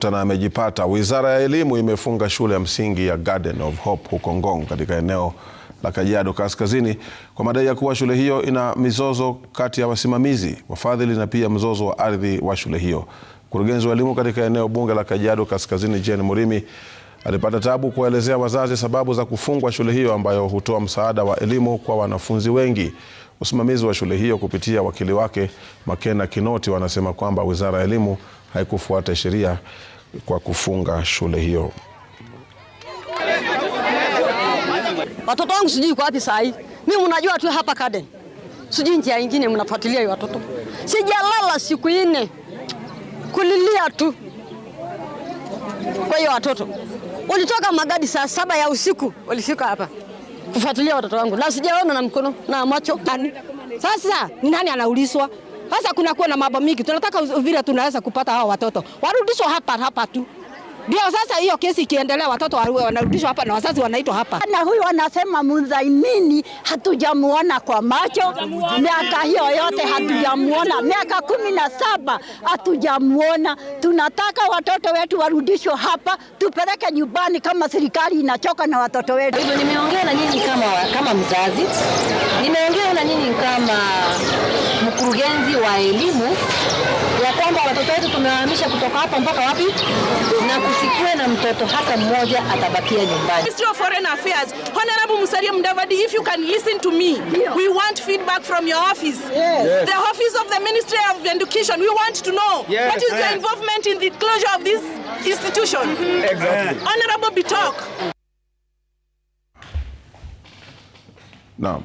Tena amejipata. Wizara ya Elimu imefunga shule ya msingi ya Garden of Hope huko Ngong katika eneo la Kajiado Kaskazini kwa madai ya kuwa shule hiyo ina mizozo kati ya wasimamizi, wafadhili na pia mzozo wa ardhi wa shule hiyo. Mkurugenzi wa elimu katika eneo bunge la Kajiado Kaskazini, Jane Murimi, alipata tabu kuwaelezea wazazi sababu za kufungwa shule hiyo ambayo hutoa msaada wa elimu kwa wanafunzi wengi. Usimamizi wa shule hiyo kupitia wakili wake Makena Kinoti wanasema kwamba Wizara ya Elimu haikufuata sheria kwa kufunga shule hiyo. Watoto wangu sijui kwa wapi saa hii, mimi mnajua tu hapa Kaden, sijui njia nyingine mnafuatilia watoto. Sijalala siku nne kulilia tu. Kwa hiyo watoto walitoka magadi saa saba ya usiku walifika hapa kufuatilia watoto wangu, na sijaona na mkono na macho nani. Sasa ni nani anaulizwa? Sasa kunakuwa na mambo mingi, tunataka vile tunaweza kupata hao watoto warudishwe hapa hapa tu. Ndio sasa hiyo kesi ikiendelea, watoto wanarudishwa hapa na wazazi wanaitwa hapa. Na huyu anasema mdhamini hatujamuona kwa macho, miaka hiyo yote hatujamuona, miaka kumi na saba hatujamuona. Tunataka watoto wetu warudishwe hapa, tupeleke nyumbani, kama serikali inachoka na watoto wetu. Hivyo nimeongea na nyinyi kama, kama mzazi, nimeongea na nyinyi kama mkurugenzi wa elimu ya kwamba watoto wetu tumewahamisha kutoka hapa mpaka wapi, na kusikiwe na mtoto hata mmoja atabakia nyumbani. Ministry of Foreign Affairs, Honorable Musalia Mudavadi, if you can listen to me, we want feedback from your office. Yes. The office of the Ministry of Education, we want to know yes. what is your involvement in the closure of this institution. Mm-hmm. Exactly. Honorable Bitok. Naam.